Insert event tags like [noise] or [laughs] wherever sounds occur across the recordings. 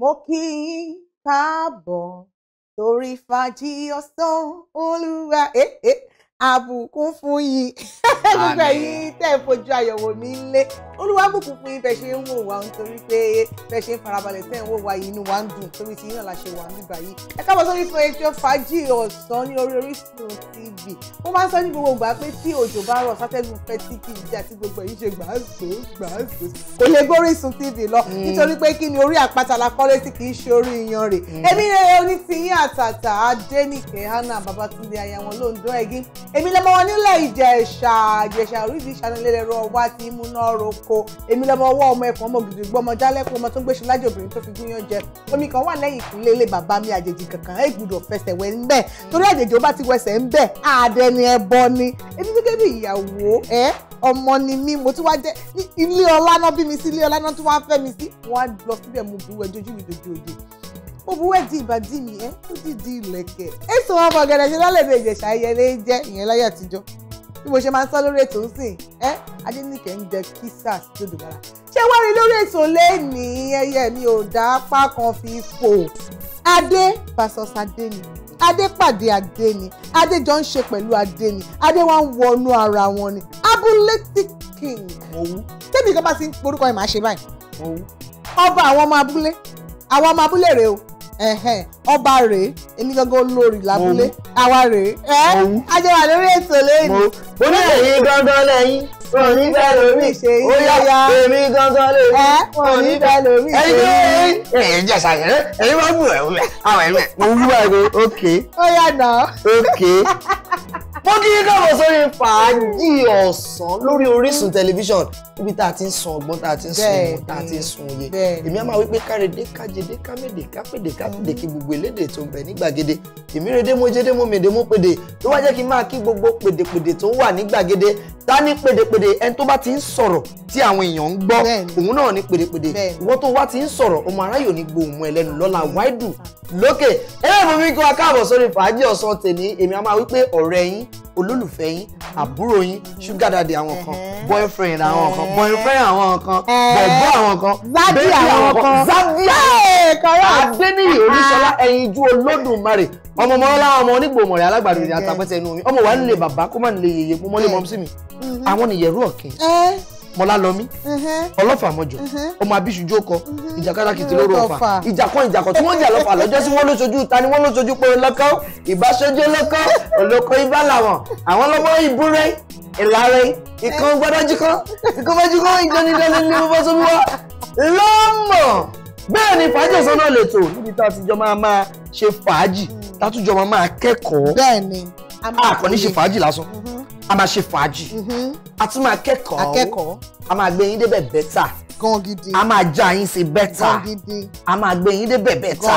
mo kí yín káàbọ̀ torí fàájì ọ̀sán olúwa. Eh, eh àbùkún fún yín [laughs] gbogbo ẹ̀yin tẹ́ ẹ fojú àyẹ̀wò mi lé olúwàbùkún fún yín bẹ ṣe ń wò wá nítorí pé bẹ ṣe ń farabalẹ̀ tẹ́ ẹ ń wò wá yìí inú wa ń dùn torí ti yíyan la ṣe wà nígbà yìí ẹ káàbọ̀ sórí fún ètò fàájì ọ̀sán ní orí Orísun TV mo máa ń sọ ní gbogbo ìgbà pé tí òjò bá rọ̀ sátẹ́gùn fẹ́ tí kì í jẹ àti gbogbo èyí ṣe gbàásù gbàásù kò lè gbé TV lọ mm. nítorí pé kí ni orí àpáta la kọ́lé tí kì í ṣe orí iyan rè èmi mm. rẹ̀ oní ti yín àtàtà Adénìkẹ́ Hannah Babátúndé èmi lọmọ wọn nílẹ̀ ìjẹ̀ṣà ìjẹ̀ṣà oríṣi ìṣànilẹ́rọ wá ti múná roko èmi lọmọ ọwọ́ ọmọ ẹ̀fọn ọmọ gidi gbọ́ ọmọ jálẹ̀kùn ọmọ tó ń gbèsè lájọ obìnrin tó fi gúnyán jẹ omi kan wà lẹ́yìn ìkúnlé ilé bàbá mi àjèjì kankan ẹ̀ gbúdọ̀ fẹsẹ̀ wẹ̀ ń bẹ̀ torí àjèjì ó bá ti wẹsẹ̀ ń bẹ̀ àdẹni ẹbọ ni èmi gẹ́gẹ́ bí ìyàwó ẹ ọmọ ni mí mo tún wá jẹ ilé ọlá náà bí mi sí ilé ọlá náà tún wá fẹ́ mi sí wọn á lọ síbẹ̀ mo bu ẹjọ́ ojú mi dojú òde òbúwẹ́ di ìbàdí mi ẹ́ ó sì di ìlẹ̀kẹ̀. èso ọmọ ọ̀gẹ̀dẹ̀ ṣe lálẹ́bẹ̀ ìjẹ̀ṣà ayẹlẹ́ jẹ́ ìyẹn láyé àtijọ́ bí mo ṣe máa ń sọ lórí ètò ńsìn ẹ́ adéníkẹ́ ń jẹ kisas tó dùn lára. ṣé wá rí lórí ètò lẹ́ẹ̀ni ẹyẹ mi ò dá apá kan fi fò adé versus adé ni adé pàdé adé ni adé jọ ń ṣe pẹ̀lú adé ni adé wá ń wọnú ara wọn ni abuletic king òwú tẹ́bí kan bá ti ń porúkọ ẹ̀ máa ṣe báyìí òwú ọba àwọn ọmọ abúlé àwọn ọmọ abúlé rèé o ọba rèé èmi gangan olórí lábúlé àwa rèé ajọba lórí ètò lẹ́yìn. mo ní èyí gangan lẹ́yìn wọn ò ní bẹ́ẹ̀ lórí ó yá èmi gangan lẹ́yìn wọn ò ní bẹ́ẹ̀ lórí. ẹyin ní ẹyin ẹyin jẹsà yẹn ẹyin wọn bù ẹ wọn bẹ àwọn ẹyin mẹ. mo wúwo ẹ ko ok. ó yà nà. ok. [laughs] mo kí yín káàbọ̀ sórí fàájì ọ̀sán lórí Orísun tẹlifíṣàn níbi tá a ti ń sun ọgbọ́n tá a ti ń sun ọmọ tá a ti ń sun òye èmi á máa wí pé kárede kájede kámẹ́dẹ̀ kápẹ́dẹ̀ kápẹ́dẹ̀ kí gbogbo elédè tó ń bẹ ní gbàgede èmi rèdè mo jẹ́dẹ́ mo mèdè mo pèdè tó wá jẹ́ kí n máa kí gbogbo pèdèpèdè tó wà ní gbàgede dání pèdèpèdè ẹni tó bá ti ń sọ̀rọ̀ tí àwọn èèyàn ń gbọ́ òun náà ní pèdèpèdè ìwọ́n tó wá ti ń sọ̀rọ̀ ọmọ aráyò ní gbohùn mọ́ ẹlẹ́nu lọ́la wáìdù lókè ẹ̀rọ mi kí wọ́n káàbọ̀ sórí fàájì ọ̀sán tèmi èmi á máa wí pé ọ̀rẹ́ yín olólùfẹ́ yín àbúrò yín sugar daddy àwọn kan boyfriend àwọn kan boyfriend àwọn kan bọ̀bọ̀ àwọn kan bẹ́ẹ̀ni àwọn kan zadia adéníyì ah, ah. oríṣọlá ẹyinjú olódùmarè ọmọ mọ́lá ọmọ onígbòmọ̀rẹ́ alágbàdo ìrìn àtàpẹ́sẹ̀ inú omi ọmọ wa nílé bàbá kó má nílé yèyé mọ́lé mọ́mísí mi mm-hmm. àwọn nìyẹ̀rú ọ̀kẹ́. Eh mọlálọmí mhm. ọlọ́fà mọ̀jọ̀ mhm. ọmọ abisujú ọkọ mhm. ìjàkadà kìtì lóru ọfà ìjàkan ìjàkan tí wọ́n jà lọ́fà lọ́jọ́ sí wọ́n ló sojú ta ni wọ́n ló sojú pé olóko ìbáṣojú olóko olóko ibà làwọn àwọn lọ́mọ ìbúrẹ́ ìlàrẹ ìkan gbọ́dọ̀jú kan ìkan bọ́jú kan ìjọ́nidọ́ni ní bọ́sọ́bíwá lọ́mọ bẹ́ẹ̀ ni fàájì ọ̀sán náà lè tò níbi tá a ti jọ máa máa ṣe fàájì tá a tún jọ máa máa kẹ́kọ̀ọ́ bẹ́ẹ̀ ni a kò ní a máa ṣe fàájì mm-hmm. a tún máa kẹ́kọ̀ọ́ a máa gbé yín débẹ̀ bẹ́tà a máa já yín sí bẹ́tà a máa gbé yín débẹ̀ bẹ́tà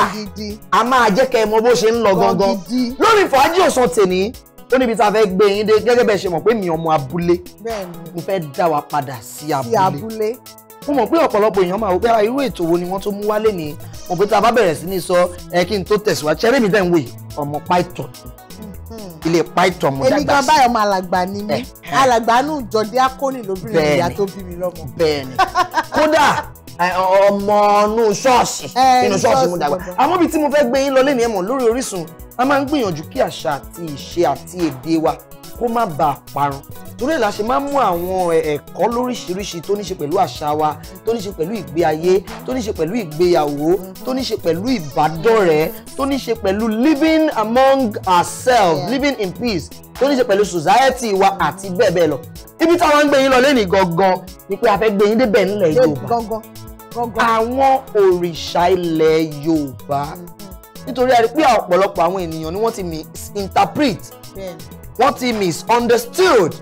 a máa jẹ́ kẹ́ ẹ mọ bó ṣe ń lọ gangan lórí fàájì ọ̀sán tèmi ó níbi tá a fẹ́ gbé yín dé gẹ́gẹ́ bẹ́ẹ̀ ṣe mọ̀ pé mi ọmọ abúlé mo fẹ́ dá wa padà sí abúlé mo mọ̀ pé ọ̀pọ̀lọpọ̀ èèyàn máa wò pé ah, irú ètò wo ni wọ́n tó mú wálé ni mo pé tá a bá bẹ̀rẹ̀ sí ní sọ ẹ kí n tó tẹ̀síwájú ṣẹ́rẹ́ mi dẹ́n wò yìí ọmọ python Hmm. ilé paitọ mo dàgbà sí. èmi gan báyọ̀ ọmọ alàgbà ni mí eh, eh. alàgbà nù jọdí akóni lóbìnrin ìyá tó bí mi lọ́mọ. bẹ́ẹ̀ni kódà ọmọ inú ṣọ́ọ̀ṣì inú eh, ṣọ́ọ̀ṣì mo dàgbà àmọ́ ibi tí mo fẹ́ gbé yín lọ lẹ́nu ẹ̀mọ́ lórí Orísun a máa ń gbìyànjú kí àṣà àti ìṣe àti èdè wa kó má bàa parun torí la ṣe máa ń mú àwọn ẹ̀kọ́ lóríṣiríṣi tó ní pẹ̀lú àṣà wa tó ní pẹ̀lú ìgbé ayé tó ní pẹ̀lú ìgbéyàwó tó ní pẹ̀lú ìbádọ́rẹ̀ẹ́ tó ní pẹ̀lú living among ourselves yeah. living in peace tó ní pẹ̀lú society wa àti bẹ́ẹ̀ bẹ́ẹ̀ lọ ibi táwọn ń gbé yín lọ lẹ́nu gangan ni pé a fẹ́ gbé yín débẹ̀ nílẹ̀ Yorùbá àwọn òrìṣà ilẹ̀ Yorùbá mm-hmm. nítorí a rí ọ̀pọ̀lọpọ̀ àwọn ènìyàn ni wọ́n ti misinterpret wọ́n ti misunderstood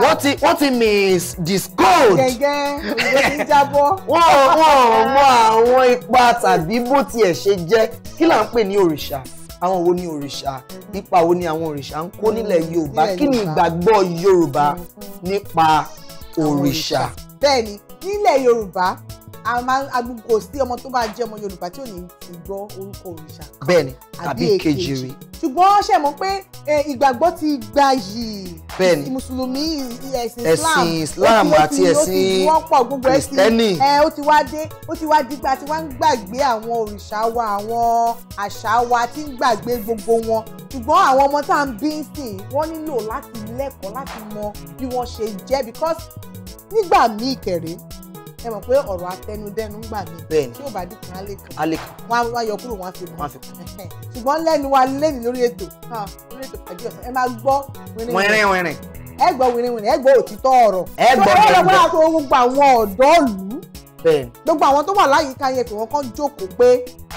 wọ́n ti ah. wọ́n ti misdiscode. gẹ́gẹ́ ìròyìn jábọ́. wọ́n wọ́n mọ àwọn ipa tàbí bó tiẹ̀ ṣe jẹ́ kí là ń pè ní òrìṣà àwọn wo ni òrìṣà ipa wo ni àwọn òrìṣà ń kó nílẹ̀ yorùbá kí ni ìgbàgbọ́ yorùbá nípa òrìṣà. bẹ́ẹ̀ni nílẹ̀ yorùbá kò sí ọmọ tó bá jẹ́ ọmọ Yorùbá tí ò ní gbọ́ orúkọ òrìṣà kan bẹ́ẹ̀ni àbí èkejì rí ṣùgbọ́n ṣe mọ̀ pé ìgbàgbọ́ ti gbayì bẹ́ẹ̀ni mùsùlùmí ẹ̀sìn Islam ẹ̀sìn Islam àti ẹ̀sìn Kristẹni ó ti wá dé ó ti wá dìgbà tí wọ́n ń gbàgbé àwọn òrìṣà wa àwọn àṣà wa ti ń gbàgbé gbogbo wọn ṣùgbọ́n àwọn ọmọ tá à ń bí sìn wọ́n nílò láti lẹ́kọ̀ọ́ láti mọ bí wọ́n ṣe jẹ́ because nígbà míì kẹ̀rẹ́ ẹ mọ̀ pé ọ̀rọ̀ atẹnudẹnu ń gbà mí tí ò bá dìkan á lè kan wọn á yọ kúrò wọn á fi kàn ṣùgbọ́n lẹ́nu wa lẹ́nu lórí ètò lórí ètò pàdé ọ̀sán ẹ máa gbọ́ wẹ́rẹ́ wẹ́rẹ́ ẹ gbọ́ wẹ́rẹ́ wẹ́rẹ́ ẹ gbọ́ òtítọ́ ọ̀rọ̀ ẹ gbọ́ ọ̀rọ̀ bẹ́ẹ̀ni. gbogbo àwọn tó wà láyìíká yẹn pé wọ́n kàn jókòó pé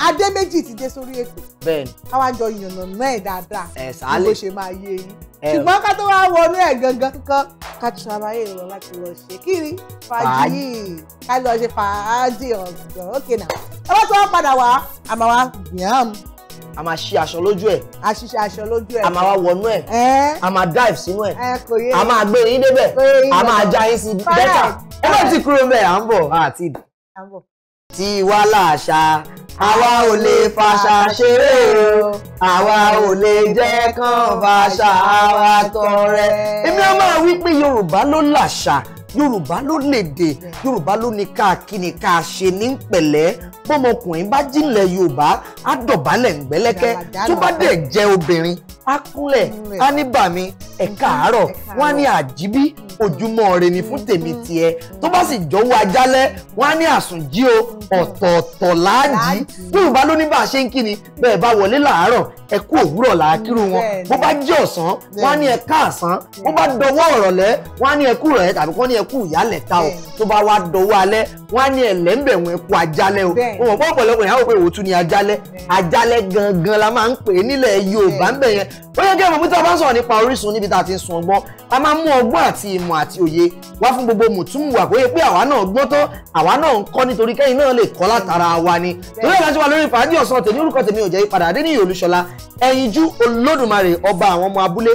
adé méjì ti dé sórí ètò. bẹ́ẹ̀ni. káwá jọ ìyànnà náà ẹ̀ dáadáa. ẹ sálẹ̀ bó ṣe máa yé yín. ṣùgbọ́n ká tó wá wọnú ẹ̀ gangan kankan ká ti ṣàlàyé ìrọ̀ láti lọ ṣe kiri fàájì ká lọ ṣe fàájì ọ̀gbọ̀n ókè náà. ẹ bá tó wá padà wá àmàwá yàn án a máa ṣí aṣọ lójú ẹ̀. a ṣiṣẹ́ aṣọ lójú ẹ̀. a máa wá wọnú ẹ̀. a máa dive sínú ẹ̀. a máa gbé yín débẹ̀. a máa já yín sí bẹ́tà. ẹ bá ti kúrò mẹ́ à ń bọ̀ àti ìdí. tí wá láàṣà àwa ò lè fàṣà ṣeré o àwa ò lè jẹ́ kán fàṣà àwa tọrẹ. èmi á máa wí pé Yorùbá ló làṣà Yorùbá ló lèdè Yorùbá ló ní ká kí ni ká ṣe ní pẹ̀lẹ́ bọ́mọkùnrin bá jílẹ̀ yorùbá á dọ̀bálẹ̀ ńgbẹ́lẹ́kẹ́ tó bá dẹ̀ jẹ́ obìnrin á kúnlẹ̀ á ní bàmí ẹ káàárọ̀ wọ́n á ní àjíbí ojúmọ́ re ni fún tèmi tiẹ̀ tó bá sì jọ̀wọ́ ajálẹ̀ wọ́n á ní àsùnjí o ọ̀tọ̀ọ̀tọ̀ láàjì yorùbá ló ní bá a ṣe ń kíni bẹ́ẹ̀ bá wọlé làárọ̀ ẹ kú òwúrọ̀ làákírù wọn bó bá jẹ́ ọ̀sán wọ́n á ní ẹ káàsán bó bá dọwọ́ ọ̀rọ̀lẹ́ wọ́n á ní ẹ kú rẹ̀ tàbí kọ́ ní ẹ kú ìyálẹ̀ o tó bá wá dọwọ́ alẹ́ wọ́n á ní ẹ lẹ́ńbẹ̀ ẹ kú ajálẹ̀ o mo mọ̀ pé ọ̀pọ̀lọpọ̀ ìyàwó pé òtún ni ajálẹ̀ ajálẹ̀ gangan la máa ń pè nílẹ̀ Yorùbá ń bẹ̀ yẹn ó yẹ kí ẹ̀mọ̀ bí tí a bá ń sọ̀rọ̀ nípa Orísun níbi tá a ti ń sun ọgbọ́n a máa ń mú ọgbọ́n àti ìmọ̀ àti òye wá fún gbogbo mùtúmùwà kó yẹ pé àwa náà gbọ́n tán àwa náà ń kọ́ nítorí kẹ́yìn náà lè kọ́ látara wa ni torí ẹ̀ka ṣe lórí fàájì ọ̀sán tèmi orúkọ tèmi ò jẹ́ ìpadà Adéníyì Olúṣọlá ẹ̀yinjú Olódùmarè ọba àwọn ọmọ abúlé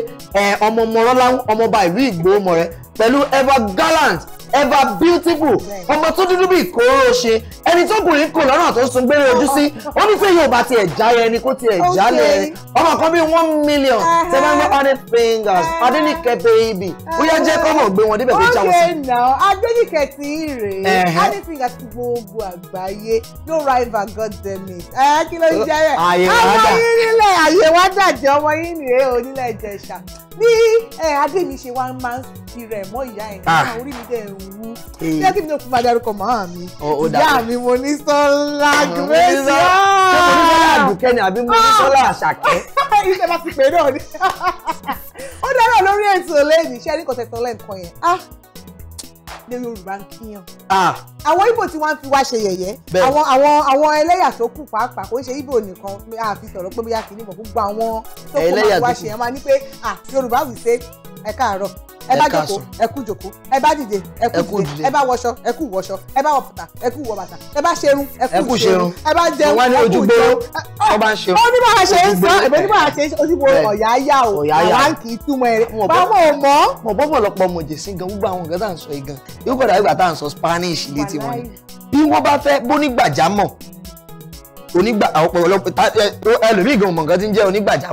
ọmọ mọ̀rọ́láhùn ọmọọba ìlú Ìgbòho mọ̀rẹ́ pẹ̀lú ever gallant ever beautiful ọmọ tó dúdú bíi kóró ṣe ẹni tó bùnrin kò lọ́nà tó sun gbére ojú sí ó ní fẹ́ yóò bá tiẹ̀ jáyẹ ẹni kó tiẹ̀ jálẹ̀ ọmọ kan bíi one million tẹ́ bá ń gbọ́ honey fingers adéníkẹ́ baby ó yẹ jẹ́ kọ́mọ̀ gbé wọn débẹ̀ kó jáwọ́ sí. ọ̀rẹ́ náà adéníkẹ́ ti rèé honey fingers ti gbogbo àgbáyé no rival god damn it ẹ kí ló ń jẹ́ rẹ̀ ọmọ yín nílẹ̀ àyè wá dàjẹ́ ọmọ yín nìyẹn onílẹ̀ ìjẹ̀ṣà bí adé mi ṣe wá máa ń fi rẹ̀ mọ́ ìyá ẹ̀ ah. orí mi dẹ̀ ń wú ṣé kí ni o kò bá darúkọ màá mi ìyá mi mo ní sọlá gbèsè ṣé mo ní sọlá àdùkẹ́ ni àbí mo ní ah! sọlá àṣàkẹ́. [laughs] iṣẹ́ bá ti pè é náà ni [laughs] ó dára lórí ètò lẹ́yìn iṣẹ́ ní kọ̀tẹ́tọ̀ lẹ́ǹkan yẹn ah! ní Yorùbá ń kíyàn. Ah! àwọn Ìgbò tí wọ́n fi wá ṣe yẹ̀yẹ́ àwọn àwọn àwọn ẹlẹ́yà tó kù pàápàá kò ń ṣe Ìgbò nìkan àfi sọ̀rọ̀ pé bóyá kì í níbọn gbogbo àwọn tó kù máa wá ṣe yẹn máa ní pé Yorùbá wì í ẹ káàárọ̀ ẹ bá jókòó ẹ kú jókòó ẹ bá dìde ẹ kú dìde ẹ bá wọṣọ ẹ kú wọṣọ ẹ bá wọ bàtà ẹ kú wọ bàtà ẹ bá ṣerun ẹ kú ṣerun ẹ bá jẹun ẹ kú jẹun ọ bá ń ṣerun ó ní bá a ṣe ń sọ ẹ̀bẹ̀ ní bá a ṣe ń sọ ojúbo ọ̀yá yá o àwọn kì í túmọ̀ ẹ̀rẹ́ báwọn ò mọ̀. mo bọ́ pọ̀lọpọ̀ mọ̀jẹ̀ sí gan gbogbo àwọn nǹkan tá à ń sọ yìí yóò padà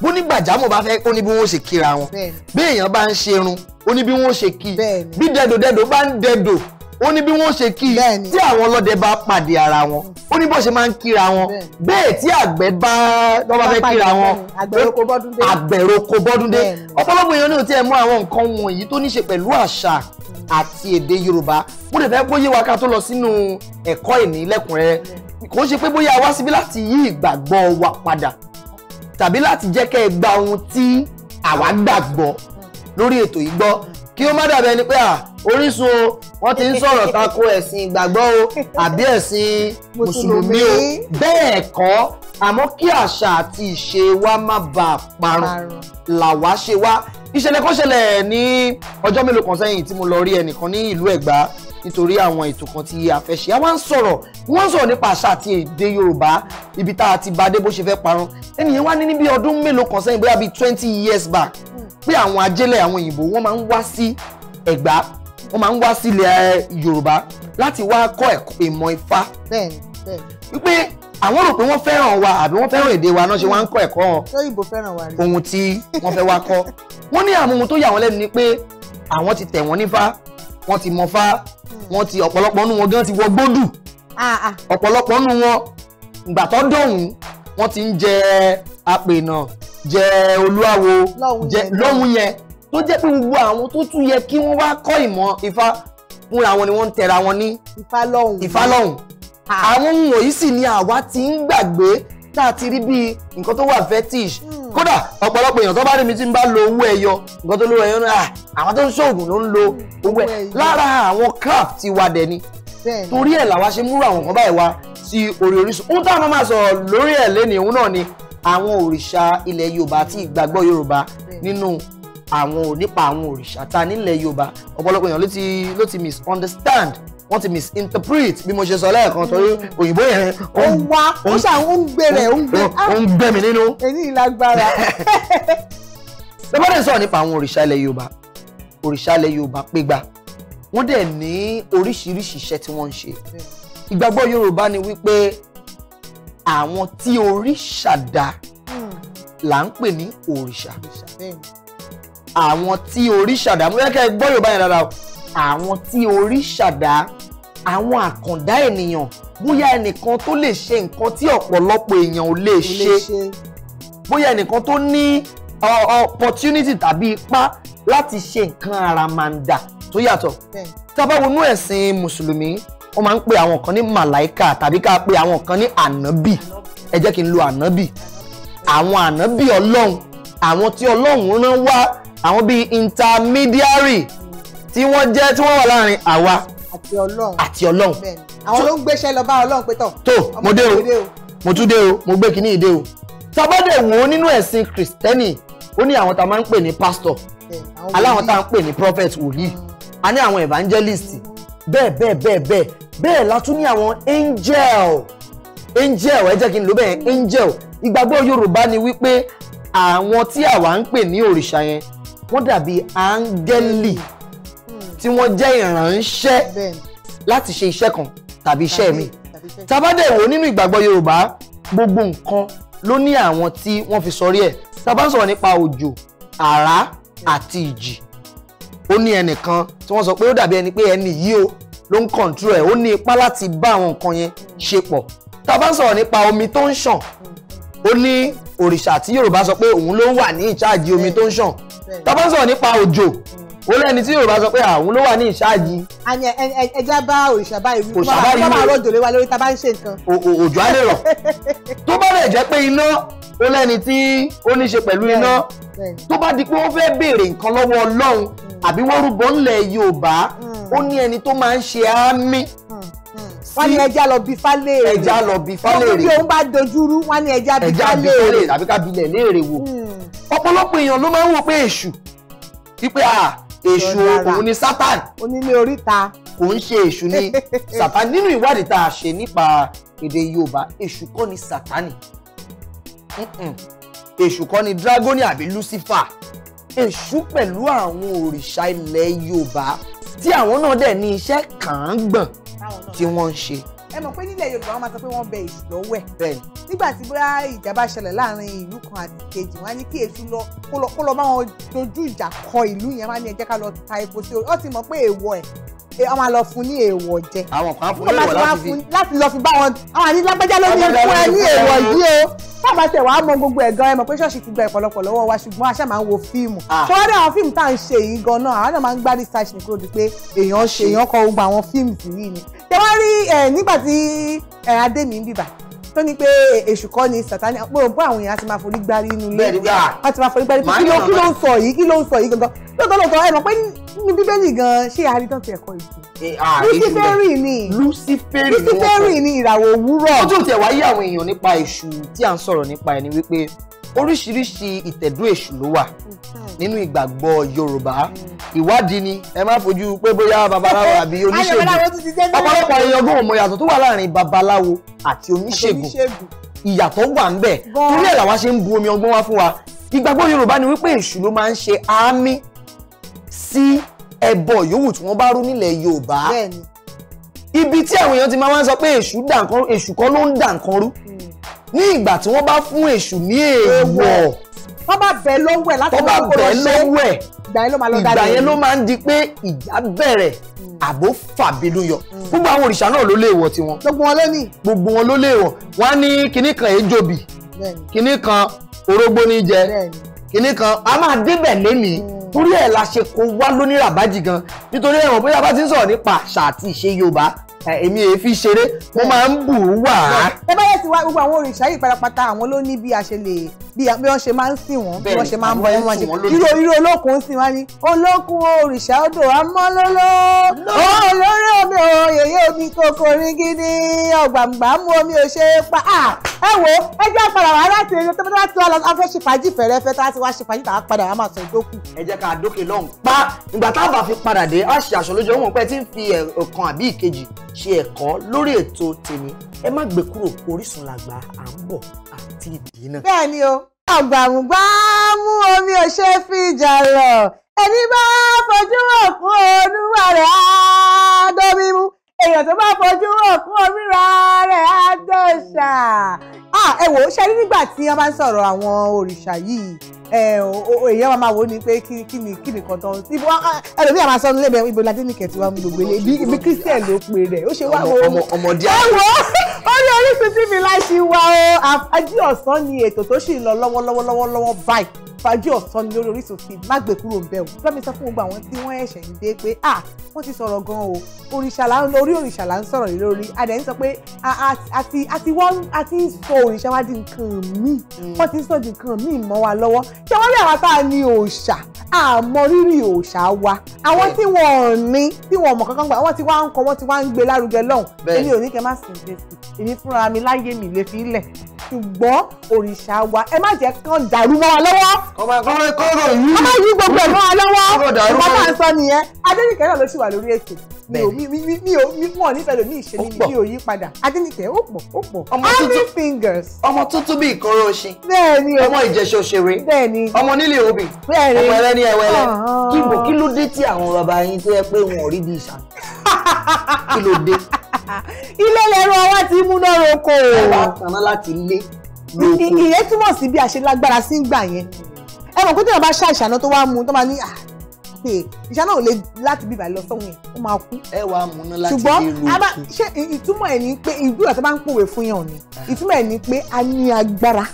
bó ní gbàjámọ̀ bá fẹ́ ó ní bí wọ́n ṣe kíra wọn bí èèyàn bá ń ṣerun ó ní bí wọ́n ṣe kí bí dẹ̀dòdẹ̀dò bá ń dẹ̀dò ó ní bí wọ́n ṣe kí tí àwọn ọlọ́dẹ bá pàdé ara wọn ó ní bó ṣe máa ń kíra wọn bẹ́ẹ̀ tí àgbẹ̀ bá lọ́ba fẹ́ kíra wọn àgbẹ̀roko bọ́dúndé ọ̀pọ̀lọpọ̀ èèyàn ní o tiẹ̀ mú àwọn nǹkan wọ̀nyí tó ní ṣe pẹ̀lú àṣà àti èdè Yorùbá mo lè fẹ́ bóyá wa ká tó lọ sínú ẹ̀kọ́ ìní lẹ́kùnrẹ́rẹ́ kò ń ṣe pé bóyá wá síbí láti yí ìgbàgbọ́ wa padà tàbí láti jẹ́ kẹ́ ẹ gba ohun tí àwa gbàgbọ́ lórí ètò yìí gbọ́ kí ó má dàbẹ́ ni pé à Orísun o wọ́n ti ń sọ̀rọ̀ tako ẹ̀sìn ìgbàgbọ́ o àbí ẹ̀sìn mùsùlùmí o bẹ́ẹ̀ kọ́ àmọ́ kí àṣà àti ìṣe wa má bàa parun làwa ṣe wá ìṣẹ̀lẹ̀ kan ṣẹlẹ̀ ní ọjọ́ mélòó kan sẹ́yìn tí mo lọ rí ẹnìkan ní ìlú Ẹ̀gbá nítorí àwọn ètò kan tí a fẹ́ ṣe a wá ń sọ̀rọ̀ wọ́n ń sọ̀rọ̀ nípa àṣà àti èdè Yorùbá ibi tá a ti bá dé bó ṣe fẹ́ parun ẹnìyẹn wá ní níbi ọdún mélòó kan sẹ́yìn bóyá bíi twenty years back pé àwọn ajẹ́lẹ̀ àwọn òyìnbó wọ́n máa ń wá sí Ẹ̀gbá wọ́n máa ń wá sílẹ̀ eh, Yorùbá láti wá kọ́ ẹ̀kọ́ ìmọ̀ Ifá wípé àwọn rò pé wọ́n fẹ́ràn wa àbí wọ́n fẹ́ràn èdè wa náà ṣe wá ń kọ́ ẹ̀kọ́ ohun tí wọ́n fẹ́ wá kọ́ wọ́n ní àwọn ohun tó yà wọ́n lẹ́nu ni pé àwọn ti tẹ̀ wọ́n nífá wọ́n ti mọ̀fá wọ́n ti ọ̀pọ̀lọpọ̀ nínú wọn gan ti wọ gbódù ah, ah. ọ̀pọ̀lọpọ̀ nínú wọn ìgbà tó dọ̀hún wọ́n ti ń jẹ apènà jẹ olúwawo jẹ lọ́hún yẹn tó jẹ́ pé gbogbo àwọn tó tún yẹ kí wọ́n wá kọ́ ìmọ̀ ifá fúnra wọn ni wọ́n ń tẹra wọn ní ifá lọ́hún ah. àwọn ohun wọ̀nyí sì ni àwa ti ń gbàgbé tá a ti rí bíi nǹkan tó wà fetish kódà ọ̀pọ̀lọpọ̀ èèyàn tó bá rí mi tí ń bá lo owó ẹyọ nǹkan tó lówó ẹyọ náà ah, àwọn tó ń ṣoògùn ló ń lo owó ẹ lára àwọn craft ti wà dẹ̀ ni torí ẹ̀ làwa ṣe múrò àwọn kan báyìí wá sí orí Orísun ohun táwọn máa sọ̀rọ̀ lórí ẹ̀ lẹ́ni òun náà ni àwọn òrìṣà ilẹ̀ Yorùbá àti ìgbàgbọ́ Yorùbá nínú àwọn nípa àwọn òrìṣà ta nílẹ̀ Yorùbá ọ̀pọ̀lọpọ̀ èèyàn ló ti misunderstand wọ́n ti misinterpret bí mo ṣe sọ lẹ́ẹ̀kan torí mm. òyìnbó yẹn. ó wá ó ṣà ń gbèrè ó ń gbé. Ah! ó ń gbé mi nínú. èyí ìlágbára. lọ́bọ̀dẹ̀ [laughs] sọ̀rọ̀ nípa àwọn òrìṣà ilẹ̀ Yorùbá òrìṣà ilẹ̀ Yorùbá pégbà wọ́n dẹ̀ ní oríṣiríṣi iṣẹ́ tí wọ́n ń ṣe mm. ìgbàgbọ́ Yorùbá ni wípé àwọn tí òrìṣà dá mm. là ń pè ní òrìṣà àwọn tí òrìṣà dá mo fẹ́ kẹ́ gbọ́ Yorùbá yẹn dáadáa àwọn tí orí ṣàdá àwọn àkàndá ènìyàn bóyá ẹnìkan tó lè ṣe nǹkan tí ọ̀pọ̀lọpọ̀ èèyàn ò lè ṣe bóyá ẹnìkan tó ní opportunity tàbí ipá láti ṣe nǹkan àràmàǹdà tó yàtọ̀ tá a bá wọnú ẹ̀sìn mùsùlùmí wọ́n máa ń pe àwọn kan ní màláìkà tàbí ká pe àwọn kan ní ànábì ẹ jẹ́ kí n lo ànábì àwọn ànábì ọlọ́run àwọn tí ọlọ́run rán wá àwọn bíi intermediary tí wọ́n jẹ́ tí wọ́n wà láàrin àwa àti ọlọ́run àti ọlọ́run. àwọn ló ń gbéṣẹ́ lọ bá ọlọ́run pé tọ̀. tó mo dé o mo tún dé o mo gbé kínní ìdé o. tabọ́dẹ̀ wò nínú ẹ̀sìn kìrìsìtẹ́nì ó ní àwọn tá a máa ń pè ní pásítọ̀ aláwọn tá a ń pè ní prophet wòlíì a ní àwọn evangelist bẹ́ẹ̀ bẹ́ẹ̀ bẹ́ẹ̀ bẹ́ẹ̀ bẹ́ẹ̀ la tún ní àwọn angel angel ẹ jẹ́ kí n lò bẹ́ẹ̀ angel ìgbàgbọ́ yorùbá ni wípé àwọn tí àwa ń pè ní òrìṣà yẹn wọ́n dàbí áńgẹ́lì. Mm -hmm tí wọ́n jẹ́ ìránṣẹ́ láti ṣe iṣẹ́ kan tàbí iṣẹ́ mi tabadẹ wo nínú ìgbàgbọ́ Yorùbá gbogbo nǹkan ló ní àwọn tí wọ́n fi sọrí ẹ̀ tabá ń sọ̀rọ̀ nípa òjò àrá àti ìjì ó ní ẹnìkan tí wọ́n sọ pé ó dàbí ẹni pé ẹni yìí o ló ń kọ̀ǹtúrò ẹ̀ ó ní ipá láti bá àwọn nǹkan yẹn ṣe pọ̀ tabá ń sọ̀rọ̀ nípa omi tó ń ṣàn ó ní òrìṣà tí Yorùbá sọ pé òun ló wà ní ìcháàjì omi tó ń ṣàn tabá ń sọ̀rọ̀ nípa òjò ó lẹ́ni tí yorùbá sọ pé àwọn ló wà ní ìṣáájì. àní ẹja bá òrìṣà báyìí wí òrìṣà báyìí wí máa rọ̀jò lé wa lórí tá a bá ń ṣe nǹkan. òjò á lè rọ̀ [laughs] tó bá lè jẹ́ pé iná ó lẹ́ni tí ó ní ṣe pẹ̀lú iná tó bá di pé ó fẹ́ béèrè nǹkan lọ́wọ́ ọlọ́run hmm. àbí wọ́n rúbọ ńlẹ̀ yorùbá hmm. ó ní ẹni tó máa ń ṣe àmì hmm, wọ́n ní ẹja lọ bí fálẹ́rẹ̀ ẹja lọ bí fálẹ́rẹ̀ bí òun bá dojúrú wọ́n ní ẹja bí fálẹ́rẹ̀ àbí ká èèyàn ló máa ń wò pé èṣù wípé à èṣù òun ni sátán onílé oríta kò ń ṣe èṣù ni [laughs] sátán nínú ìwádìí tá a ṣe nípa èdè yorùbá èṣù kọ́ ni satani. èṣù kọ́ ni dragoni àbí lucifer èṣù pẹ̀lú àwọn òrìṣà ilẹ̀ yorùbá tí àwọn náà dẹ̀ ní iṣẹ́ kàángbọ̀n tí wọ́n ń ṣe ẹ mọ̀ pé nílẹ̀ yorùbá wọn máa sọ pé wọ́n bẹ èṣù lọ́wọ́ ẹ̀. bẹ́ẹ̀ nígbà tí bóyá ìjà bá ṣẹlẹ̀ láàrin ìlú kan àti kejì wọn á ní kí èṣù lọ kó lọ máa dojú ìjà kọ ìlú yẹn máa ní ẹjẹ́ ká lọ ta epo sí orí ó ti mọ̀ pé èèwọ̀ ẹ̀ àwọn àlọ́ fún ní èèwọ̀ jẹ. àwọn kan fún èèwọ̀ láti fi láti lọ fi bá wọn àwọn àní lágbájá ló ní fún ẹ ní èèwọ̀ yìí o bàbá tẹ wàá mọ gbogbo ẹ̀ gan ẹ mọ̀ pé ṣọ́ọ̀ṣì ti gba ìpọ̀lọpọ̀ lọ́wọ́ wa ṣùgbọ́n aṣá máa ń wo fíìmù fọwọ́dọ̀ ah. àwọn fíìmù tá à ń ṣe yìí gan náà àwọn náà máa ń gbá research ní kúrò pé èèyàn ṣe èèyàn kọ gbogbo àwọn fíìmù sí yìí ni tẹ wá rí nígbà tí adé mi ń bìbà tó ní pé èṣù kọ́ ni sàtánì pé òun bọ́ àwọn èèyàn á ti máa forí gbárí inú ilé wọ́n ti máa forí gbárí kí ló kí ló ń sọ yìí kí ló ń sọ yìí gangan lóòótọ́ lóòótọ́ ẹ mọ̀ pé ní bíbélì gan ṣé àrídán ti ẹ̀kọ́ ìsìn. Eh, luciferi ni luciferi ni ìràwọ̀ òwúrọ̀. ó tún tẹ̀ wáyé àwọn èèyàn nípa èṣù tí à ń sọ̀rọ̀ nípa ẹni wípé oríṣiríṣi ìtẹ̀dú èṣù ló wà hmm. nínú ìgbàgbọ́ Yorùbá. Hmm ìwádìí ni ẹ má fojú pé bóyá babaláwo àbí oníṣègùn ọ̀pọ̀lọpọ̀ ẹyọgbọn ọmọ ìyàtọ̀ tó wà láàrin babaláwo àti oníṣègùn ìyàtọ̀ wà ń bẹ torí ẹ̀ làwa ṣe ń bu omi ọgbọ́n wá fún wa ìgbàgbọ́ yorùbá ni wípé èṣù ló máa ń ṣe àmì sí ẹbọ yòówù tí wọ́n bá rú nílẹ̀ yorùbá ibi tí àwọn èèyàn ti máa ń sọ pé èṣù dà nǹkan èṣù kan ló ń dà nǹkan rú hmm. ní ìgbà tí wọ́n bá fún èṣù ní èèwọ̀ tó bá bẹ̀ lọ́wọ́ ẹ̀ láti wọ́n kó lọ ṣe ìgbà yẹn ló máa lọ dájú ìgbà yẹn ló máa ń di pé ìjà bẹ̀rẹ̀ hmm. àbò fàbínú yọ hmm. gbogbo àwọn òrìṣà náà ló léèwọ̀ tiwọn gbogbo wọn ló ní gbogbo wọn ló léèwọ̀ wọn á ní kinní kan èjòbì kinní kan orógbó ní jẹ kinní kan a máa débẹ̀ lénìí hmm. torí ẹ̀ la ṣe kó wá lóníràbájì gan nítorí ẹ̀wọ̀n bóyá bá ti ń sọ̀rọ̀ nípa àṣà àti ìṣe Yorùbá èmi èé fi ṣeré mo máa ń bù ú wà á. bá yẹ ti wá gbogbo àwọn òrìṣà yìí pátápátá àwọn ló ní bí a ṣe lè bí wọ́n ṣe máa ń sìn wọ́n bí wọ́n ṣe máa ń bọ ẹ̀wọ̀n ṣe irú irú olókun ń sìn wá ní olókun òrìṣà odò amọ́lọ́lọ́ olóró mi ò omi kòkò gidi ọ̀gbàǹgbà mú omi ò pa ẹ wo ẹ jẹ́ àpàdà wá láti ẹ̀yọ́ tó bá ti wá lọ afẹ́ ṣèpàjì fẹ̀rẹ́fẹ́ tá a ti wá ṣèpàjì tá a padà wá máa sọ ìdókù. ẹ jẹ́ ká dókè lọ́hùn-ún pa ìgbà tá a bá fi padà dé a ṣe àṣọ lójú ọmọ tí ń fi ọ̀kan àbí ìkejì ṣe ẹ̀kọ́ lórí ètò tèmi ẹ má gbé kúrò Orísun làgbà à ń bọ̀ àti ìdí náà. bẹ́ẹ̀ ni o àgbàmúgbàmú omi ò fi ìjà lọ ẹni bá fojú hàn fún olúwa rẹ̀ á dómi èèyàn tó bá fojú hàn fún omi rẹ̀ á dọ̀ṣà ah ẹ wò ó ṣe rí nígbà tí wọ́n bá ń sọ̀rọ̀ àwọn òrìṣà yìí èèyàn máa wò ó ni pé kí ni kí ni kan tán ẹlòmíà máa sọ nílé ibo ládé ní kẹtì wa mú gbogbo ilé ibi christian ló pe rẹ̀ ó ṣe wá wo ọmọdé ẹ wò ó ó ní Orísun TV láti wá o àjí ọ̀sán ni ètò tó sì ń lọ lọ́wọ́lọ́wọ́lọ́wọ́ báyìí fàájì ọ̀sán ni lórí Orísun TV má gbé kúrò ńbẹ̀ o lọ́mi sọ fún gbogbo àwọn tí wọ́n ẹ̀ṣẹ̀ ń dé pé à wọ́n ti sọ̀rọ̀ gan o òrìṣà là ń orí òrìṣà là ń sọ̀rọ̀ lé lórí adẹ̀ ń sọ pé àti àti wọ́n àti sọ òrìṣà wá di nǹkan míì mm. wọ́n ti sọ di nǹkan míì mọ́ wa lọ́wọ́ ṣé wọ́n rí àwa tá a ní òòṣà àmọ́ rírì òòṣà wa àwọn tí wọ́n ní tí wọ́n mọ̀ kankan gbà wọ́n ti wá ń kọ́ wọ́n ti wá ń gbé lárugẹ lọ́hùn èmi ò ní kẹ́ má sìn jésù èmi fúnra mi láyé mi lè fi ilẹ̀ ṣùgbọ́n òrìṣà wa ẹ má jẹ́ kán dàrú mọ́ wa lọ́wọ́ ọmọ ẹ̀kọ́ yìí ọmọ yìí gbogbo ẹ̀gbọ́n wa lọ́wọ́ ọmọ máa ń sọ nìyẹn Adénìkẹ́ náà ló ṣì wà lórí ètò mi ò mi mi ò mi wọn nífẹ̀ẹ́ lómi ìṣe mi mi ò yí padà Adénìkẹ́ ó pọ̀ ó pọ̀ army fingers. ọmọ tuntun bíi ìkóró oṣin bẹ́ẹ̀ni ọmọ ìjẹ̀ṣẹ̀ òṣèré bẹ́ẹ̀ni ọmọ nílé obì bẹ́ẹ̀ni ọmọ ẹlẹ́ni ẹwẹ́lẹ́ ah, ah. kíbo kí ló dé tí àwọn bàbá yín tó yẹ pé wọn ò rí bí ìṣàn [laughs] kí ló dé. ilé lẹ́rọ wa ti múná roko. ẹ bá kaná láti lé lóko. ìyẹn túmọ̀ sí bí a lágbára sí ń gbà yẹn ẹ mọ̀ pé tí wọ́n bá ṣá ìṣáná tó wá mu tó máa ní pé ah, ìṣáná ò lè láti bíbà lọ sọ́hun yẹn ó máa kú. ẹ wàá mú un láti bí ìlú ṣùgbọ́n ìtumọ̀ ẹ̀ ni pé ìdúrà tó bá ń pòwe fún yàn ni ah. ìtumọ̀ ẹ̀ ni pé a ní agbára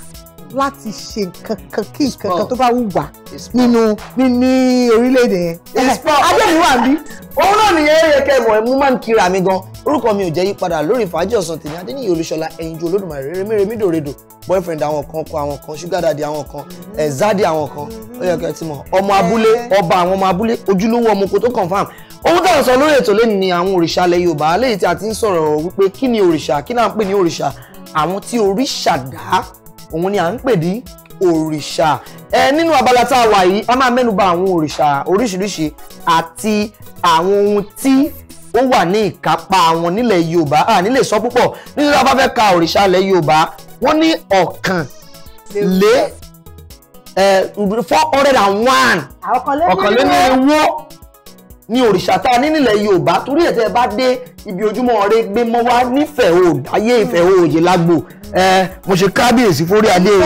láti ṣe nǹkan kan kí nǹkan kan tó bá wù wá nínú ní orílẹ̀-èdè yẹn. adéhùn wà bí. òun náà nìyẹn eré kẹmọ ẹ mú máa ń kira mi gan orúkọ mi ò jẹ́ yípadà lórí Fàájì Ọ̀sán tèmi Adéníyì Olúṣọlá ẹ̀yinjú Olódùmarè rere mèrè mí dòredò boyfriend àwọn kan kọ àwọn kan sugar daddy àwọn kan ẹ̀zádì àwọn kan ó yẹ kẹ́ ti mọ̀ ọmọ abúlé ọba àwọn ọmọ abúlé ojúlówó ọmọ oko tó confam ohun tá à ń sọ lórí ètò lẹ́nu ni àwọn òrìṣà ilẹ̀ Yorùbá léyìí tí a ti ń sọ̀rọ̀ wípé kí ni òrìṣà kí náà ń pè ní òrìṣà àwọn tí òrìṣà dá òun ni à ń pè ní òrìṣà ẹ nínú abala tá a wà yìí a máa mẹ́nuba àwọn òrìṣà oríṣiríṣi àti àwọn ohun tí ó wà ní ìkápá wọn nílẹ̀ Yorùbá à nílẹ̀ sọ púpọ̀ nílẹ̀ bá fẹ́ ka òrìṣà ilẹ̀ Yorùbá wọ́n ní ọ̀kan lé four hundred and one ọ̀kan lé ní ewó ni òrìṣà tá a ní nílẹ̀ Yorùbá torí ẹ̀ tẹ́ ẹ bá dé ibi ojúmọ́ ọ̀rẹ́ gbé mọ́ wá nífẹ̀ẹ́ o ayé ìfẹ́ o òye lágbo ẹ mo ṣe kábíyèsí fórí adé o.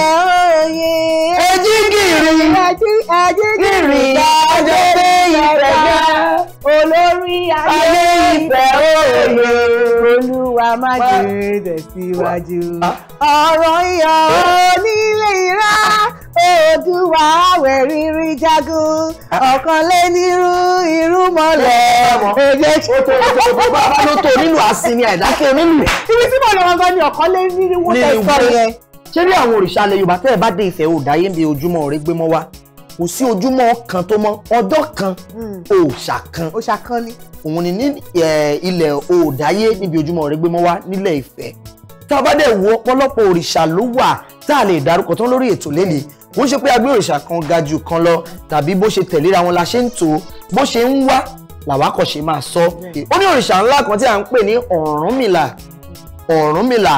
ẹjí gìrì ẹjí gìrì pé ìfẹ́ gbá olórí ayé ìfẹ́ òye olúwa má jẹ́ tẹ̀síwájú ọ̀rọ̀ ìyá onílé ìrá. Oòduà àwẹ̀ rírí jagun ọ̀kan lé nírú irú mọ́lẹ̀. ó tó ó tó bá ló tó nínú àsinmi àìdákẹ́ onílù. ibi tí mo lọ wọn gan ni ọ̀kan lé nírú tẹ̀sán yẹn. ṣé rí àwọn òrìṣà ilẹ̀ Yorùbá tẹ́ ẹ bá dé Ifẹ̀ òdáyé ń bi ojúmọ́ rẹ gbé mọ́ wá kò sí ojúmọ́ kan tó mọ́ ọjọ́ kan òòṣà kan òòṣà kan ni. òun ni ní ilẹ̀ òòdáyé níbi ojúmọ́ rẹ gbé mọ́ wá nílẹ̀ Ifẹ̀ tá a bá dẹ̀ wo ọ̀pọ̀lọpọ̀ òrìṣà ló wà tá a lè dárúkọ tán lórí ètò lélẹ̀ kò ṣe pé agbé òrìṣà kan ga jù kan lọ tàbí bó ṣe tẹ̀léra wọn la ṣe ń tò bó ṣe ń wá làwa kò ṣe máa sọ ó ní òrìṣà ńlá kan tí à ń pè ní ọ̀rúnmìlà ọ̀rúnmìlà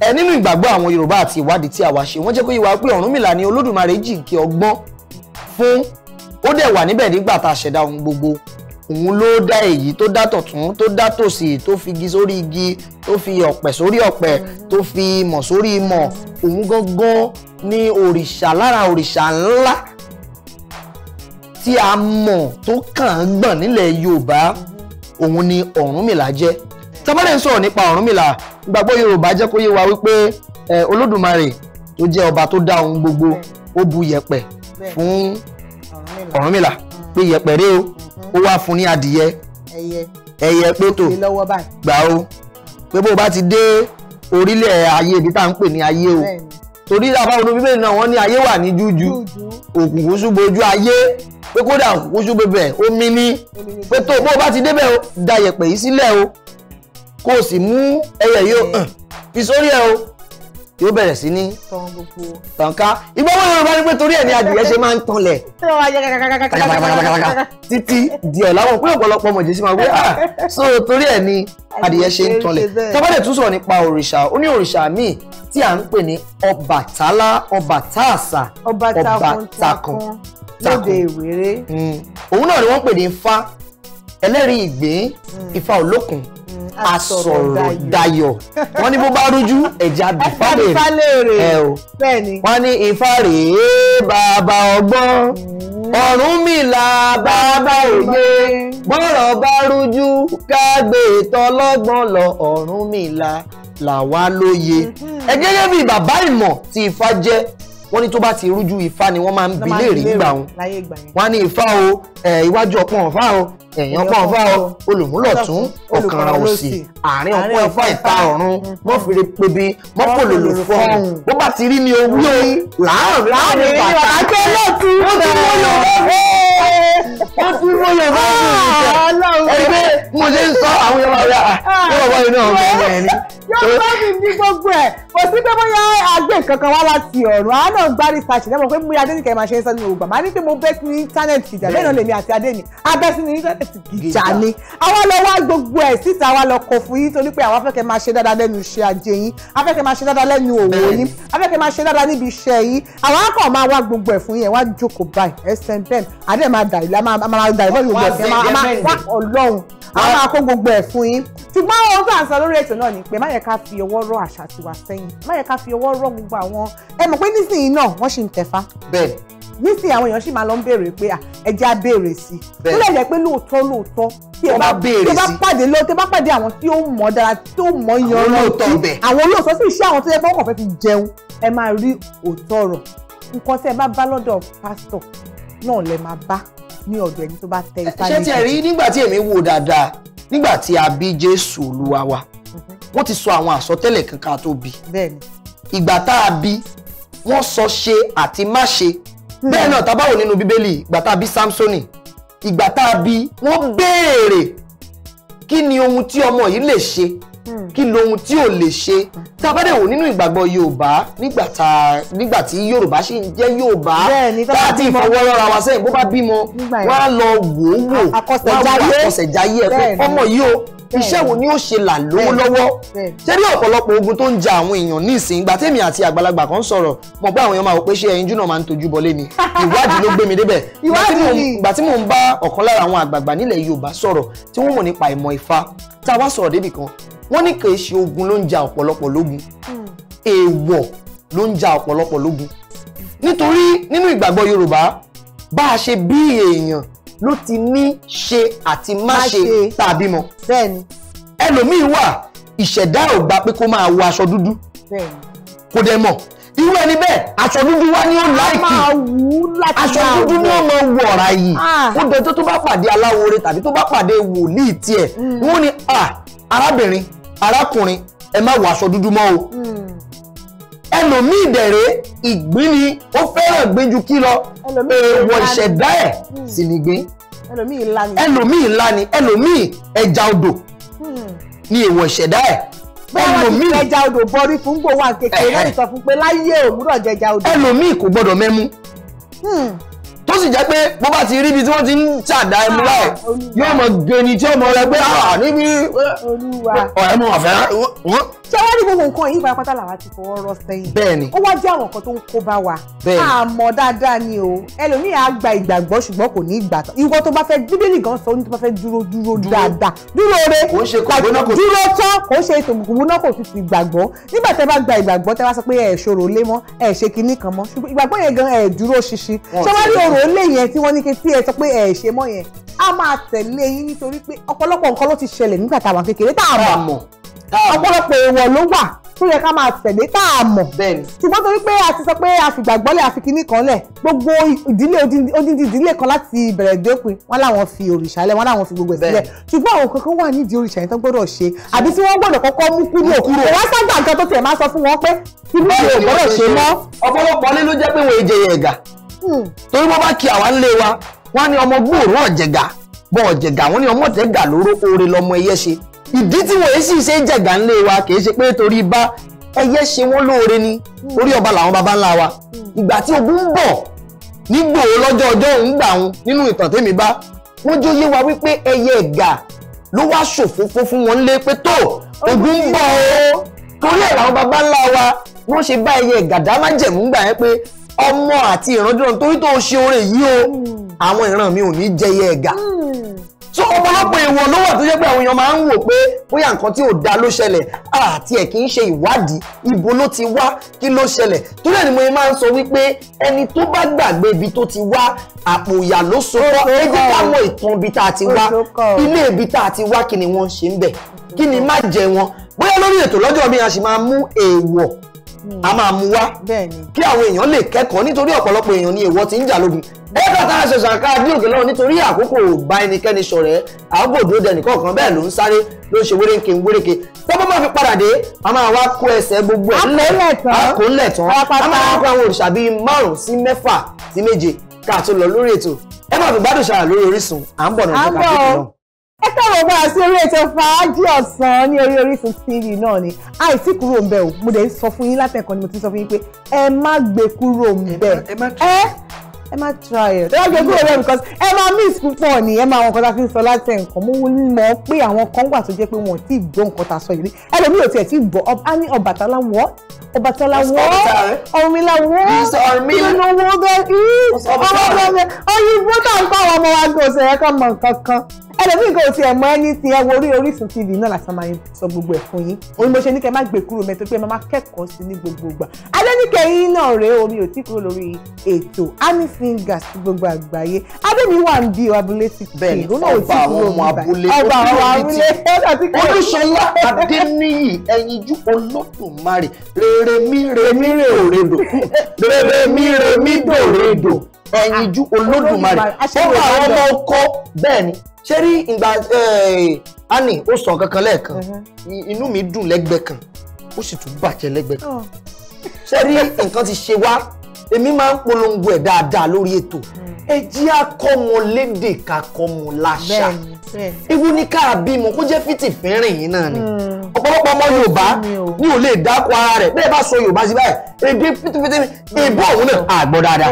ẹ nínú ìgbàgbọ́ àwọn yorùbá àti ìwádìí tí àwa ṣe wọ́n jẹ́ kó yé wa pé ọ̀rúnmìlà ni olódùmarè jìnkì ọgbọ́n fún ó dẹ̀ wà níbẹ̀ nígbà tá a ṣẹ̀dá ohun gbogbo òun ló dá èyí tó dá tọ̀tún tó dá tòsì tó fi igi sórí igi tó fi ọ̀pẹ̀ sórí ọ̀pẹ̀ tó fi ìmọ̀ sórí ìmọ̀ òun gangan ni òrìṣà lára òrìṣà ńlá tí a mọ̀ tó kàn án gbọ̀n nílẹ̀ Yorùbá òun ni Ọ̀rúnmìlà jẹ́ tábàlẹ̀ ń sọ̀rọ̀ nípa Ọ̀rúnmìlà ìgbàgbọ́ Yorùbá jẹ́ kó yé wa wípé Olódùmarè tó jẹ́ ọba tó dá ohun gbogbo ó bu yẹ̀pẹ̀ fún Ọ̀rúnmìlà pé yẹpẹrẹ o ó wá fún ní adìyẹ ẹyẹ pétò gbà o pé bó o bá ti dé orílẹ̀ ayé ibi tá à ń pè ní ayé o torí àbá olú bíbélì náà wọ́n ní ayé wà ní jújú òkùnkùn ṣúbojú ayé pé kódà òkùnkùn ṣúbebẹ̀ omi ní pé tó bó o bá ti débẹ̀ o da yẹ̀pẹ̀ yìí sílẹ̀ o kó o sì mú ẹyẹ yìí o fi sórí ẹ o yóò bẹ̀rẹ̀ sí ní tànká ìgbọ́wọ́ yorùbá ni pé torí ẹ̀ ní adìyẹ ṣe máa ń tanlẹ̀ títí di ọ̀làwọ̀ pé ọ̀pọ̀lọpọ̀ ọmọ ah so torí ẹ̀ ní adìyẹ ṣe ń tanlẹ̀ tábàdẹ̀ tún sọ̀rọ̀ nípa òrìṣà ó ní òrìṣà míì tí à ń pè ní ọbàtálá ọbàtáàsà ọbàtàkùn lóde ìwéré hmm. òun náà ni wọ́n pè ní ifá asọ̀rọ̀ dayọ̀ wọ́n ní bó bá rújú ẹ̀já bìfálẹ̀ ẹ̀ o wọ́n ní ifá rèé bàbá ọgbọ́n mm. ọ̀rúnmìlà bàbá òye bọ́rọ̀ bá rújú ká gbé tọlọ́gbọ́n lọ ọ̀rúnmìlà làwa lóye mm-hmm. ẹ gẹ́gẹ́ bí bàbá ìmọ̀ tí ifá jẹ́ wọ́n ní tó bá ti rújú ifá ni wọ́n máa ń bi léèrè nígbà wọn wọ́n á ní ifá o iwájú ọpọ́n ọ̀fá o ẹ̀yìn ọpọ́n ọ̀fá o olùmúlọ̀tún ọ̀kànrà òsì àárín ọpọ́n ọ̀fá ìta ọ̀run mọ́ pebi mọ́ fọ́ọ̀hún bó bá ti rí ni owó láàrín láàrín bàtà ó ti mú ó ah! ti mú Yorùbá ah, ẹgbẹ́ mo ṣe ń sọ àwọn Yorùbá Yorùbá yìí náà ọ̀gbìn ẹ̀ ni. Yorùbá mi ní gbogbo ẹ̀ kò sí pé bóyá àgbẹ̀ kankan wá láti ọ̀run àánà gbárí sàṣì lẹ́mọ̀ pé múra adéníkẹ́ máa ṣe é sọ́nù ògbà máa ní pé mo bẹ́ sí ní íńtánẹ́ẹ̀tì ìjà lẹ́yìn náà lèmi àti adé mi abẹ́ sí ní íńtánẹ́ẹ̀tì ìjà ni àwa lọ wá gbogbo ẹ̀ síta wa lọ kọ̀ fún yín torí pé àwa fẹ́kẹ́ máa ṣe dáadáa lẹ́nu iṣẹ́ ajé yín afẹ́kẹ́ máa ṣe dáadáa lẹ́nu òwò yín afẹ́kẹ́ máa ṣe dáadáa níbi iṣẹ́ yín àwa kàn máa wá gbogbo ẹ̀ fún yín ẹ̀ wá jókòó báyìí ẹsẹ̀ bẹ́ẹ̀ adé máa dà ìlà máa dà ìbọn gbogbo ẹ̀ máa wá ọlọ́run àwọn máa kó gbogbo ẹ̀ fún yín ṣùgbọ́n ohun tó à ń sọ lórí ètò náà ni pé má yẹ ká fi ọwọ́ rọ àṣà tiwa sẹ́yìn má yẹ ká fi ọwọ́ rọ gbogbo àwọn ẹ mọ̀ pé nísìnyí náà wọ́n ṣì ń tẹ̀fá. bẹ́ẹ̀ nísìnyí àwọn èèyàn ṣì máa lọ ń béèrè pé ẹja béèrè sí i tó lè jẹ́ pé lóòótọ́ lóòótọ́ tí ẹ bá béèrè sí i tí ẹ bá pàdé lọ tí ẹ bá pàdé àwọn tí ó mọ̀ dára tí ó mọ̀ yanranti àwọn olóòótọ́ sì ṣe náà lè máa bá ní ọ̀dọ̀ ẹni tó bá tẹ ipá lẹ́yìn. ṣé tiẹ̀ rí nígbà tí èmi wò dáadáa nígbà tí a bí Jésù Olúwa wa mhm. wọ́n ti sọ àwọn àsọtẹ́lẹ̀ kan ká tó bí ìgbà tá a bí wọ́n sọ ṣe àti má ṣe hmm. bẹ́ẹ̀ náà tá a bá wò nínú Bíbélì ìgbà tá a bí Samsoni ìgbà tá a bí wọ́n béèrè kí ni ohun tí ọmọ yìí lè ṣe Hmm. kí lohun tí ò lè ṣe tá a bá dẹ̀ wò nínú ìgbàgbọ́ yorùbá nígbà tá nígbà tí yorùbá ṣì ń jẹ́ yorùbá tá a ti fọwọ́rọ́ra wa sẹ́yìn bó bá bímọ wọ́n á lọ wò ó wò wọ́n á wò àkọsẹ̀jáyé ẹ̀ pé ọmọ yìí o iṣẹ́ wo ni ó ṣe là lówó lọ́wọ́ ṣé bí ọ̀pọ̀lọpọ̀ ogun tó ń ja àwọn èèyàn ní ìsìn ìgbà tèmi àti àgbàlagbà kan sọ̀rọ̀ mọ̀ pé àwọn èèyàn máa wò pé ṣé ẹyinjú náà máa ń tojú bọlé ni ìwádìí ló gbé mi débẹ̀ [laughs] ìgbà tí mò ń bá ọ̀kan lára àwọn àgbààgbà nílẹ̀ Yorùbá sọ̀rọ̀ tí wọ́n mọ̀ nípa ìmọ̀ Ifá tá a wá sọ̀rọ̀ débì kan wọ́n ní kì í ṣe ogun ló ń ja ọ̀pọ̀lọpọ̀ lógun hmm. èèwọ̀ ló ń ja ọ̀pọ̀lọpọ̀ lógun nítorí nínú ìgbàgbọ́ Yorùbá bá a ṣe bí èèyàn ló ti ní ṣe àti má ṣe tàbí mọ ẹlòmíín wà ìṣẹ̀dá ò gbà pé kó máa wọ aṣọ dúdú kò dẹ̀ mọ̀ irú ẹni bẹ́ẹ̀ aṣọ dúdú wá ní ó láìkì aṣọ dúdú ní ọmọ wọ̀ra yìí ah. ó dọjọ́ tó bá pàdé aláwo rẹ̀ tàbí tó bá pàdé wòlíì tiẹ̀ hmm. wọ́n ní à arábìnrin arákùnrin ẹ má wọ aṣọ dúdú mọ́ o hmm. ẹlòmíì dẹ̀rẹ́ ìgbín ni ó fẹ́ràn gbín ju kí lọ èèwọ̀ ìṣẹ̀dá ẹ̀ hmm. sì ni gbín ẹlòmíì ńlá ni ẹlòmíì ẹja odò hmm. ni èèwọ̀ ìṣẹ̀dá ẹ̀ ẹlòmíì ẹja odò bọrí fún gbòwà kékeré náà láyé òwúrọ̀ jẹja odò ẹlòmíì kò gbọdọ̀ mẹ́mú ó sì jẹ́ pé bó bá ti rí ibi tí wọ́n ti ń ṣàdá ẹmu ah, láì yóò mọ̀ gẹ̀ẹ́ni tí ọmọ rẹ pé àníbi ah, ọ̀rẹ́ mu ọ̀fẹ́ ṣé wá ní gbogbo nǹkan yìí ìfarapátá làwa ti fọwọ́ rọ sẹ́yìn. bẹ́ẹ̀ni. ó wá jẹ́ àwọn nǹkan tó ń kó bá wa. bẹ́ẹ̀ni. àmọ́ dáadáa ni o ẹlòmíì á gba ìgbàgbọ́ ṣùgbọ́n kò ní ìgbà tán. ìwọ tó bá fẹ́ bíbélì gan sọ ní tó bá fẹ́ dúró dúró dáadáa. dúró re kò ń ṣe kòkòrò kò dúró tán kò ń ṣe kòkòrò náà kò tutù ìgbàgbọ́. nígbà tẹ bá gba ìgbàgbọ́ tẹ bá sọ pé ẹ ṣòro lé mọ́ ẹ ṣe kinní kan mọ́ ìgbàgbọ́ yẹn gan ẹ dúró ṣinṣin. ṣé wọ́n ní òrò lé yẹn tí wọ́n ní kí tí ẹ sọ pé ẹ ṣe mọ́ yẹn a máa tẹ̀lé yín nítorí pé ọ̀pọ̀lọpọ̀ nǹkan ló ti ṣẹlẹ̀ nígbà táwọn kékeré tá a mọ̀ ọ̀pọ̀lọpọ̀ èèwọ̀ ló wà tó yẹ ká máa tẹ̀lé tá a mọ̀. ṣùgbọ́n torí pé a ti sọ pé a fìgbàgbọ́lẹ̀ a fi kinní kan lẹ̀ gbogbo ìdílé odindi ìdílé kan láti bẹ̀rẹ̀ dópin wọn làwọn fi òrìṣà lẹ̀ wọn làwọn fi gbogbo ẹ̀ sílẹ̀ ṣùgbọ́n àwọn kankan wà nídìí òrìṣà yẹn tó gbọ́dọ̀ ṣe àbí tí wọ́n gbọ́dọ̀ kọ́kọ́ mú kúrò kò wá sábà nǹkan tó tiẹ̀ máa sọ fún wọn pé kíló yóò gbọ́dọ̀ ṣe mọ́. ọ̀pọ̀lọpọ̀ lé ló jẹ́ pé wọ́n èjè ẹ̀gà hmm. torí wọ́n bá kí àwa ń lé wa wọ́n á ní ọmọ gbòòrò ọ̀jẹ̀gà bọ́ ọ̀jẹ̀gà wọ́n ní ọmọ ọ̀jẹ̀gà lóró oore lọmọ ẹyẹ ṣe ìdí tí wọ́n sì ṣe jẹ̀gà ńlé wa kì í ṣe pé torí bá ẹyẹ ṣe wọ́n lóore ni hmm. orí ọba làwọn baba ńlá wa hmm. ìgbà tí ogun ń bọ̀ nígbò lọ́jọ́ ọjọ́ òun gbà wọn nínú ìtàn tèmi bá wọ́n jó yé wa wípé ẹyẹ ẹ̀gà ló wá ṣòfófó fún wọn lé pé tó ogun ń bọ̀ o torí ẹ̀ làwọn baba ńlá wa wọ́n ṣe bá ẹyẹ ẹ̀gà dá májẹ̀mú gbà yẹn pé ọmọ àti ìrandíran torí tó ṣe oore yìí o hmm. àwọn ìran mi ò ní jẹyẹ so ọ̀pọ̀lọpọ̀ èèwọ̀ ló wà tó jẹ́ pé àwọn èèyàn máa ń wò pé bóyá nǹkan tí ò da ló ṣẹlẹ̀ àti ẹ̀ kì í ṣe ìwádìí ibo ló ti wá kí ló ṣẹlẹ̀ tó lẹ́nu mo máa ń sọ wípé ẹni tó bá gbàgbé ibi tó ti wá àpò ìyà ló sọ̀rọ̀ ẹ jẹ́ ìtàn ibi tá a ti wá ilé ibi tá a ti wá kí ni wọ́n ṣe ń bẹ̀ kí ni má jẹ wọn bóyá lórí ètò lọ́jọ́ mi a sì máa mú èèwọ̀ a máa mú wá kí àwọn èèyàn lè kẹ́kọ̀ọ́ nítorí ọ̀pọ̀lọpọ̀ èèyàn ni èèwọ̀ ti ń jà lógun ẹ̀ka tá a ṣẹ̀ṣẹ̀ ká bí òkè lọ́wọ́ nítorí àkókò bá ẹnikẹ́ni ṣọ̀rẹ́ àgbo òdòdó ẹnìkan kan bẹ́ẹ̀ ló ń sáré ló ń ṣe wérénke ń wérénke tó bá máa fi padà dé a máa wá kó ẹsẹ̀ gbogbo ẹ̀ ńlẹ̀ akóńlẹ̀ a máa wá kó àwọn òrìṣà bíi márùn-ún sí mẹ́fà sí méje ká tó lọ lórí ètò ẹ máa fi gbádùn ṣàrà lórí Orísun ẹ káàbọ̀ bá a sí orí ètò fàájì ọ̀sán ní orí Orísun TV náà ni àìsí kúrò ń bẹ̀ o mo dẹ̀ sọ fún yín látẹ̀kọ́ ni mo ti sọ fún yín pé ẹ má gbé kúrò ń bẹ̀ ẹ ẹ má try ẹ tọ́lá gbogbo rẹ because ẹ máa miss púpọ̀ ni ẹ máa wọn kọ́ta sí sọ láti nǹkan mo mọ̀ pé àwọn kan wà tó jẹ́ pé wọn ò tí ì gbọ́ nǹkan tá a sọ yìí rí ẹlòmíì ò tiẹ̀ tí ì gbọ́ a ní Ọbàtálá wọ́ Ọbàtálá wọ́ Ọ̀rìnmìlà wọ́ ìrìnàwọ́ bẹ́ẹ̀ ọyìnbó tá à ń kọ́ àwọn ọmọ wa gbọ́ ọ̀sẹ̀ yẹn ká mọ nǹkan kan ẹlòmíì kò tiẹ̀ mọ ẹni tí ẹ wo orí Orísun TV náà láti máa sọ gbogbo ẹ̀ fún yín òun mo ṣe ní kẹ́ má gbé kúrò mẹ́tò pé máa kẹ́kọ̀ọ́ sí ní gbogbo ìgbà Adéníkẹ́ yín náà rèé omi ò tí kúrò lórí ètò Anisi singers gbogbo àgbáyé abẹ́mi wà ń bí abúlé ti kí bẹ́ẹ̀ ni ọba àwọn ọmọ abúlé ọba àwọn abúlé olùṣọlá adéníyì ẹyinjú olódùmarè rèrèmí rèmí rèdò rèrèmí rèmí dòrèdò ẹyinjú olódùmarè ọba àwọn ọmọ ọkọ bẹ́ẹ̀ ni ṣé rí ìgbà eh, ani ó sọ kankan lẹ́ẹ̀kan mhm. inú mi dùn lẹ́gbẹ̀ẹ́ kan ó sì tún bàjẹ́ lẹ́gbẹ̀ẹ́ kan oh. ṣé rí nǹkan ti ṣe wá èmi máa ń polongo ẹ̀ dáadáa lórí ètò hmm. ẹ jí akọ́mọlédè kakọ́mọláṣà ewu ní ká bímọ kó jẹ́ fìtì fẹ́rìn yìí náà ni hmm. ọ̀pọ̀lọpọ̀ ọmọ Yorùbá ni ò lè dákọ ara rẹ̀ bẹ́ẹ̀ bá sọ Yorùbá sí báyìí èdè fìtìfìtì ni èbó òun náà àgbọ̀ dáadáa.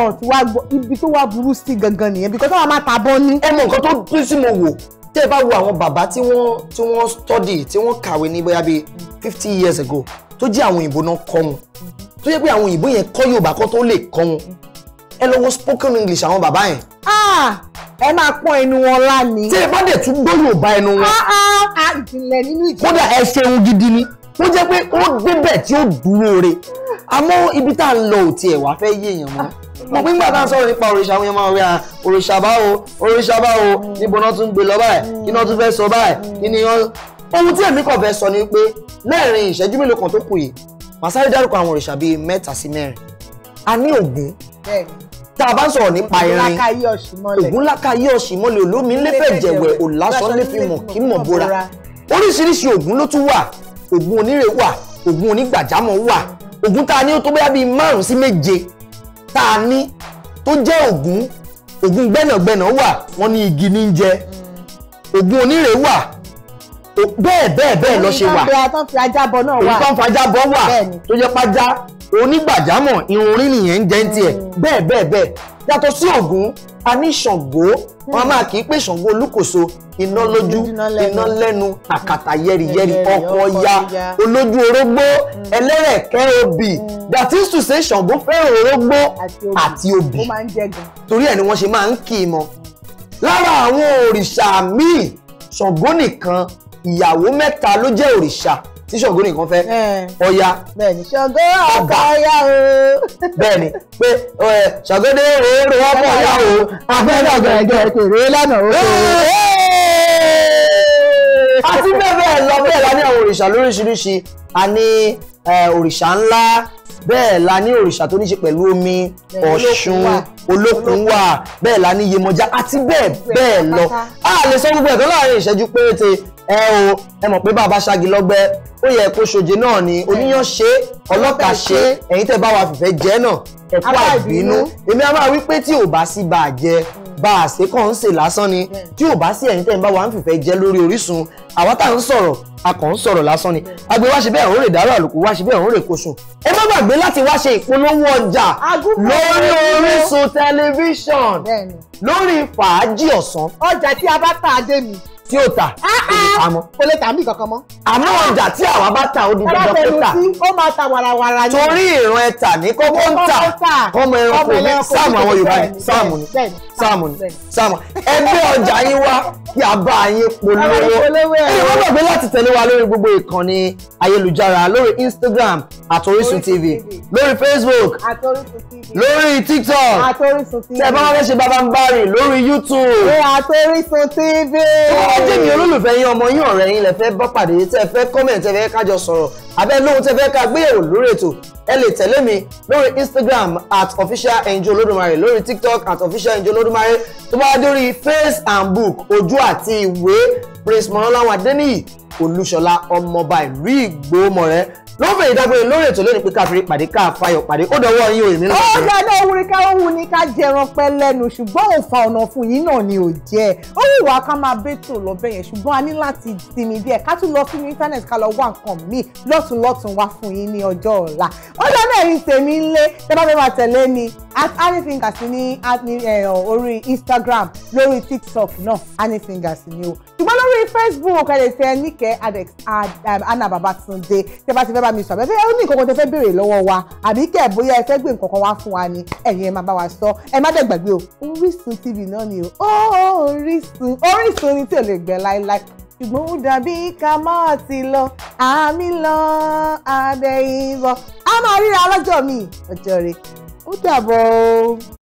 ibi tó wá burú sí gangan nìyẹn bí kò tó wà máa ta bọ́ ní. ẹ mọ nǹkan tó tún sí mo wò tẹ́ ẹ bá wo àwọn bàbá tí wọ́n tí wọ́n study tí wọ́n kàwé ní bóyá bíi fifty years ago tó jẹ́ àwọn òyìnbó náà kọ́ wọn tó yẹ pé àwọn òyìnbó yẹn kọ́ Yorùbá kan tó lè kọ́ wọn ẹ lọ wo spoken English àwọn bàbá yẹn. Ah, ẹ máa pọ́n ẹnu wọn lánìí. tí ẹ bá dẹ̀ tún gbọ́ Yorùbá ẹnu wọn. Ah, ah, ìjìnlẹ̀ nínú ìjìnlẹ̀. kódà ẹ ṣeun gidi ni ó jẹ́ pé ó débẹ̀ tí ó dúró re àmọ́ ibi tá a ń lọ ò tiẹ̀ wá fẹ́ yéèyàn mọ́ mo pín gbà tá à ń sọ̀rọ̀ nípa òrìṣà àwọn èèyàn máa rí òrìṣà báwo òrìṣà báwo níbo náà tún gbé lọ báyìí kí náà tún fẹ́ sọ báyìí kí ni wọ́n. ohun tí èmi kàn fẹ́ sọ ni pé lẹ́ẹ̀rin ìṣẹ́jú mélòó kan tó kù yìí màá dárúkọ àwọn òrìṣà bíi mẹ́ta sí mẹ́rin a ní Ògún tá a bá ń sọ̀rọ̀ nípa irin Ògún lákàyé ọ̀ṣìmọ́lẹ̀ olómi ńlẹ́fẹ̀ jẹ̀wẹ̀ òlásán lẹ́fìmọ̀ kí mọ̀ bóra oríṣiríṣi Ògún ló tún wà Ògún onírè wà Ògún onígbàjámọ̀ wà Ògún tá a ní ó tó bóyá bíi márùn-ún sí méje tá a ní tó jẹ́ ògún ògún gbẹ́nàgbẹ́nà wà wọ́n ní igi ní jẹ ògún onírè wà bẹ́ẹ̀ bẹ́ẹ̀ bẹ́ẹ̀ lọ ṣe wà ògún tó fi ajábọ̀ náà wà ògún tó fi ajábọ̀ wà tó jẹ́ pàjá onígbàjámọ̀ irun orí nìyẹn ń jẹ́ ń tiẹ̀ mm. bẹ́ẹ̀ bẹ́ẹ̀ bẹ́ẹ̀ yàtọ̀ sí Ògún a ní Ṣàngó mm. wọn a máa kì í pé Ṣàngó Olúkòso iná lójú iná lẹ́nu àkàtà yẹ́rìyẹ́rì ọkọ̀ ọya olójú orógbó mm. ẹlẹ́rẹ̀kẹ́ obì that is to say Ṣàngó fẹ́ràn orógbó àti obì torí ẹ̀ ni wọ́n ṣe máa ń kì í mọ́ lára àwọn òrìṣà míì Ṣàngó nìkan ìyàwó mẹ́ta ló jẹ́ òrìṣà tí ṣàngó nìkan fẹ́ ọya eh. bẹ́ẹ̀ni ṣàngó ọba ọya o bẹ́ẹ̀ni pé eh, ṣàngó dé rèé ọmọ ọya o afẹ́fẹ́ ọ̀gẹ̀rẹ̀gẹ̀ kò rèé lánàá o. Eh, àti bẹ́ẹ̀ bẹ́ẹ̀ lọ bẹ́ẹ̀ la ní àwọn òrìṣà lóríṣiríṣi a ní òrìṣà ńlá bẹ́ẹ̀ la ní òrìṣà tó ní ṣe pẹ̀lú omi ọ̀ṣun olókun wà bẹ́ẹ̀ la ní Yemọja àti bẹ́ẹ̀ bẹ́ẹ̀ lọ a lè sọ gbogbo ẹ̀ tó láàrin ìṣẹ́jú péréte ẹ o ẹ mọ̀ pé bàbá ṣáàgì lọ́gbẹ́ ó yẹ kó ṣoje náà ni oníyàn ṣe ọlọ́kà ṣe ẹ̀yin tẹ́ bá wa fìfẹ́ jẹ́ náà ẹ kú àìbínú èmi á máa wí pé tí ò bá sí bá a jẹ bá a ṣe kàn ń ṣe lásán ni tí ò bá sí ẹ̀yin tẹ́ ń bá wa ń fìfẹ́ jẹ́ lórí Orísun àwa tá à ń sọ̀rọ̀ a kàn ń sọ̀rọ̀ lásán ni agbe wá ṣe bẹ́ẹ̀ òun rè dárò àlùkù wá ṣe bẹ́ẹ̀ òun rè koṣù ẹ má gbàgbé láti wá ṣe ìpolówó ọjà lórí Orísun tẹlifíṣàn lórí fàájì ọ̀sán. ọjà tí a bá tà á dé mi tí ó tà ah, ah. àmọ́. kò lè tà mí kankan mọ́. àmọ́ ah. ọjà tí àwa bá tà ó di dandan kó tà. ó máa ta wàràwàrà ni. torí ìran ẹ̀tà ní kókó ń tà ọmọ ẹranko ní sáàmù àwọn yorùbá ni sáàmù ni sáàmù ni sáàmù ẹgbẹ́ ọjà yín wá kí a bá yín polówó ẹ̀yin wọ́n gbàgbé láti tẹ̀lé wa lórí gbogbo ìkànnì ayélujára lórí Instagram àtorísun TV lórí Facebook lórí TikTok àtorísun TV tẹ bá wọn fẹ́ ṣe bàbá ń bá rìn lórí YouTube àtorísun TV ẹ jẹ́ mi olólùfẹ́ yín ọmọ yín ọ̀rẹ́ yín lẹ fẹ́ pàdé tẹ́ fẹ́ kọ́mẹ̀ntì tẹ́ kájọ sọ̀rọ̀ abẹ́ lóhun tẹ́ fẹ́ ká gbéyẹ̀wò lórí ètò ẹ lè tẹ̀lé mi lórí Instagram at official angel olódùmarè lórí TikTok at official angel olódùmarè tó bá dórí face and book ojú àti ìwé Prince mọ́nọ́láwọ̀n adẹ́niyì olúṣọlá ọmọọba ìlú ìgbòmọ̀rẹ́ ló ń fẹ̀yìn dágbére lórí ètò lónìí pé káfíńrí pàdé káfáyọ̀ pàdé ó dọwọ́ yín òyìnbí náà. ó dáná orin ká ó wù ní ká jẹran pẹ́ lẹ́nu ṣùgbọ́n òfa ọ̀nà fún yín náà ni ò jẹ́ ó wù wá ká máa bẹ́tò lọ́bẹ̀ yẹn ṣùgbọ́n a ní láti sinmi díẹ̀ ká tún lọ sínú íńtánẹ̀tì ká lọ wá nǹkan míì lọ́tún lọ́tún wá fún yín ní ọjọ́ ọ̀la ó dáná ẹ̀rín tèmi ńlé tẹ́ bá fẹ́ máa tẹ̀lé ni at anyfingers ní orí Instagram lórí TikTok náà anyfingers ni o ṣùgbọ́n lórí Facebook ẹ̀ lè tẹ níkẹ́ adex Anna Babatunde tẹ́ bá ti fẹ́ bá mi sọ abẹ́fẹ́ ó ní nǹkan kan tẹ́ fẹ́ béèrè lọ́wọ́ wa àbí kẹ́ bóyá ẹ fẹ́ gbé nǹkan kan wá fún wa ni ẹ̀yin ẹ máa bá wa sọ ẹ má dẹ̀ gbàgbé o Orísun TV náà ni o Orísun Orísun ni tí ò lè gbẹ láíláí ṣùgbọ́n ó dàbí ká máa ti lọ àmì lọ àbẹ̀yìnbọ̀ a máa ríra lọ́jọ́ mi ọjọ́ rẹ̀ ó dàbọ̀ o.